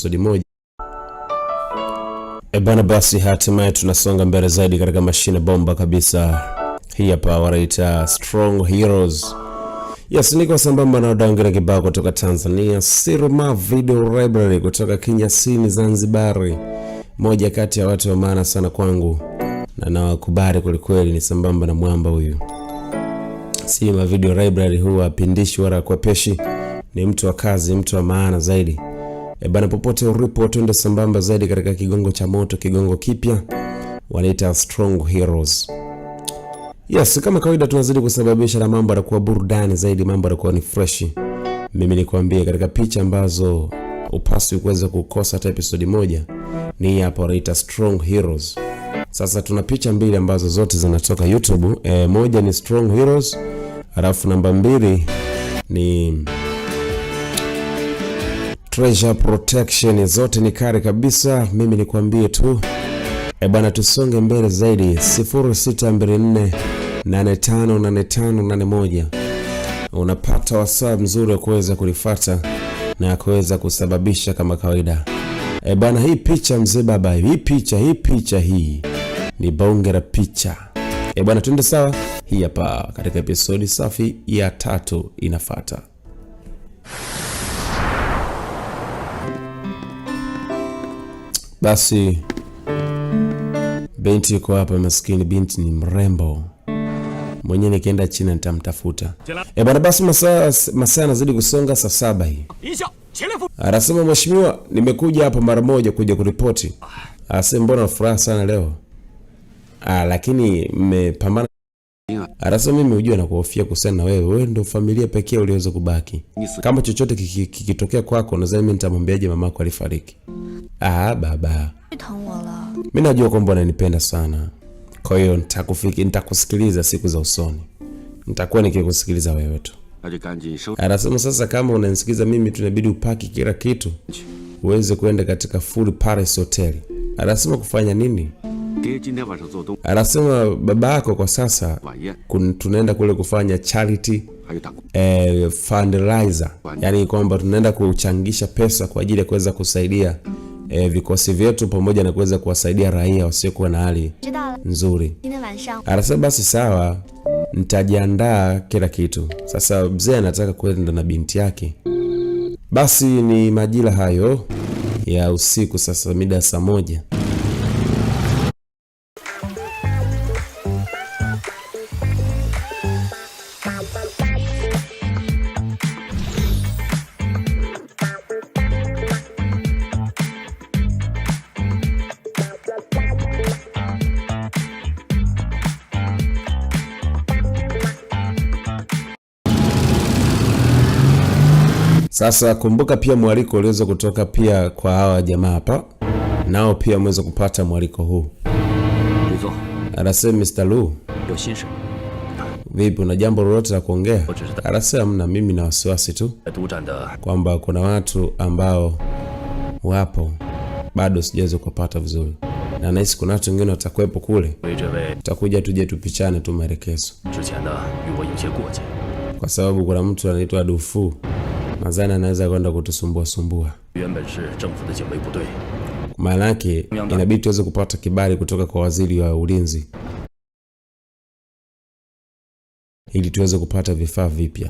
episode moja. E bwana, basi hatimaye tunasonga mbele zaidi katika mashine bomba kabisa. Hii hapa wanaita Strong Heroes. Yes, niko sambamba na Dangira kibao kutoka Tanzania, Siruma Video Library kutoka Kinyasini Zanzibari, moja kati ya watu wa maana sana kwangu na nawakubali kwelikweli, ni sambamba na mwamba huyu. Siruma Video Library huwa pindishi wala kwa peshi, ni mtu wa kazi, mtu wa maana zaidi E bana, popote ulipo, twende sambamba zaidi katika kigongo cha moto, kigongo kipya wanaita Strong Heroes. Yes, kama kawaida tunazidi kusababisha na mambo yanakuwa burudani zaidi, mambo yanakuwa ni fresh. Mimi nikwambie, katika picha ambazo upasi kuweza kukosa hata episode moja ni hapa, wanaita Strong Heroes. Sasa tuna picha mbili ambazo zote zinatoka YouTube. E, moja ni Strong Heroes, alafu namba mbili ni treasure protection zote ni kari kabisa. Mimi nikwambie tu e tusonge mbele zaidi 0624858581 unapata wasaa mzuri wa kuweza kulifata na kuweza kusababisha kama kawaida. E hii picha mzee baba, hii picha hii picha hii ni bonge la picha e eh bana, twende sawa. Hii hapa katika episodi safi ya tatu inafata. Basi binti yuko hapa, maskini binti ni mrembo mwenye nikienda China nitamtafuta. E bwana, basi masaa yanazidi kusonga, saa saba hii anasema, mheshimiwa, nimekuja hapa mara moja kuja kuripoti. Anasema mbona furaha sana leo? Ah, lakini mmepambana. arasema mimi hujua na kuhofia kuhusiana na wewe, wewe ndo familia pekee uliweza kubaki. Kama chochote kikitokea kwako, nazani mimi nitamwambiaje mamako alifariki. Ah, baba Mimi najua kwamba unanipenda sana, kwa hiyo nitakufiki, nitakusikiliza siku za usoni, nitakuwa nikikusikiliza wewe tu. Anasema sasa, kama unanisikiliza mimi, tunabidi upaki kila kitu uweze kwenda katika full Paris Hotel. Anasema kufanya nini? Anasema baba yako kwa sasa tunaenda kule kufanya charity eh, fundraiser, yaani kwamba tunaenda kuchangisha pesa kwa ajili ya kuweza kusaidia e, vikosi vyetu pamoja na kuweza kuwasaidia raia wasiokuwa na hali nzuri. Anasema basi sawa, nitajiandaa kila kitu. Sasa mzee anataka kwenda na binti yake. Basi ni majira hayo ya usiku sasa, mida saa moja. Sasa kumbuka pia mwaliko uliweza kutoka pia kwa hawa jamaa hapa, nao pia wameweza kupata mwaliko huu. Anasema Mr. Lu, vipi, una jambo lolote la kuongea? Anasema mna, mimi na wasiwasi tu kwamba kuna watu ambao wapo bado sijaweza kupata vizuri na nahisi kuna watu wengine watakuwepo kule, tutakuja tuje tupichane tu maelekezo, kwa sababu kuna mtu anaitwa Dufu Nadhani anaweza kwenda kutusumbua sumbua. Maana yake inabidi tuweze kupata kibali kutoka kwa waziri wa ulinzi ili tuweze kupata vifaa vipya.